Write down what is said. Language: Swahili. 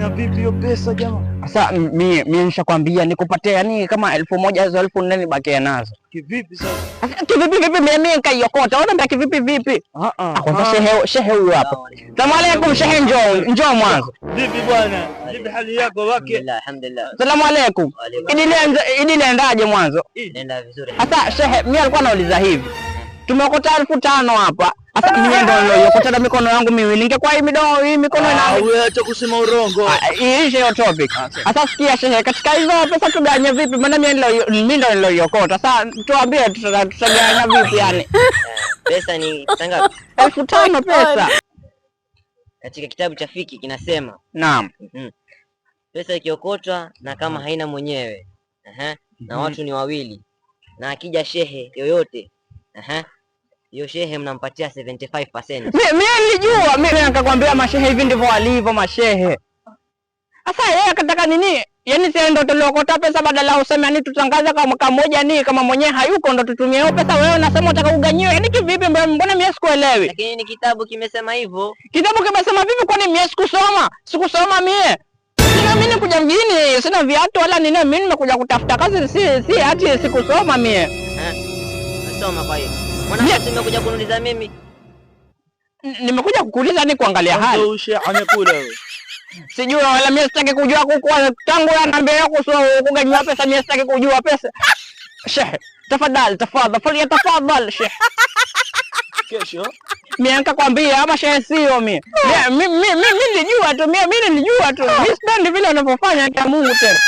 na vipi hiyo pesa jamaa? Sasa mimi mimi nishakwambia nikupatia yani kama elfu moja hizo elfu nne nibakia nazo. Kivipi sasa? Kivipi vipi mimi mimi kaiokota. Ona ndio kivipi vipi? Ah ah. ah Kwanza ah. shehe shehe huyu hapa. Salamu alaykum shehe njoo njoo mwanzo. Vipi bwana? Vipi hali yako wake? Alhamdulillah. Salamu alaykum. Ili ili lendaje mwanzo? Nenda vizuri. Sasa shehe mimi alikuwa nauliza hivi. Tumeokota elfu tano hapa. Hata mimi ndo niliyokotana mikono yangu miwili. Ningekuwa hii midomo hii mikono ah, ina. Ah, wewe acha kusema urongo. Ah, hii hiyo topic. Sasa ah, sikia shehe, katika hizo pesa tugawanye vipi? Maana mimi ndo mimi ndo niliyokota. Sasa tuambie tutagawanya vipi yani? Eh, pesa ni tanga Elfu tano pesa. Katika kitabu cha fiki kinasema. Naam. Mhm. Pesa ikiokotwa na kama mm. haina mwenyewe. Aha. Na mhm. watu ni wawili. Na akija shehe yoyote. Aha. Hiyo shehe mnampatia 75%. Mimi nilijua, mimi nikakwambia mashehe hivi ndivyo walivyo mashehe. Sasa yeye akataka nini? Yaani si ndio tuliokota pesa badala useme yani tutangaza kwa mwaka mmoja ni kama mwenyewe hayuko ndio tutumie hiyo pesa wewe unasema unataka uganyiwe. Yaani kivipi mbona mimi sikuelewi? Lakini ni kitabu kimesema hivyo. Kitabu kimesema vipi kwani mimi sikusoma? Sikusoma mimi. Sina mimi kuja mjini, sina viatu wala nini, mimi nimekuja kutafuta kazi si si hati sikusoma mimi. Eh. Nasoma kwa hiyo. Mwanangu, nimekuja kuniuliza mimi. Nimekuja kukuuliza ni kuangalia hali. Sijua wala mimi sitaki kujua kuku tangu ananiambia kuhusu kuganywa pesa, mimi sitaki kujua pesa. Shehe, tafadhali tafadhali, ya tafadhali shehe. Kesho mimi nikakwambia ama shehe sio mimi. Ah. Mimi mimi nilijua tu, mimi nilijua tu. Mimi ah. sipendi vile unavyofanya kwa Mungu tena.